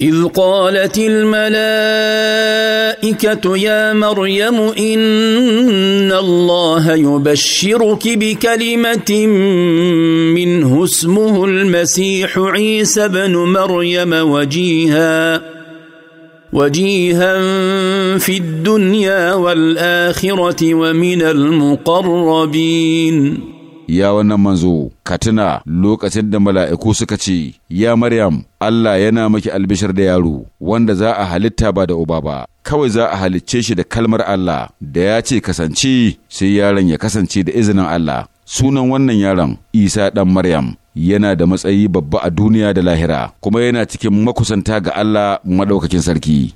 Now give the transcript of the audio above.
إذ قالت الملائكة يا مريم إن الله يبشرك بكلمة منه اسمه المسيح عيسى بن مريم وجيها وجيها في الدنيا والآخرة ومن المقربين ya wannan manzo, ka tuna lokacin da mala'iku suka ce, Ya Maryam, Allah yana maki albishir da yaro, wanda za a halitta ba da uba ba, kawai za a halicce shi da kalmar Allah, da ya ce kasance, sai yaron ya kasance da izinin Allah. Sunan wannan yaron, Isa ɗan Maryam, yana da matsayi babba a duniya da lahira, kuma yana cikin makusanta ga Allah maɗaukakin sarki.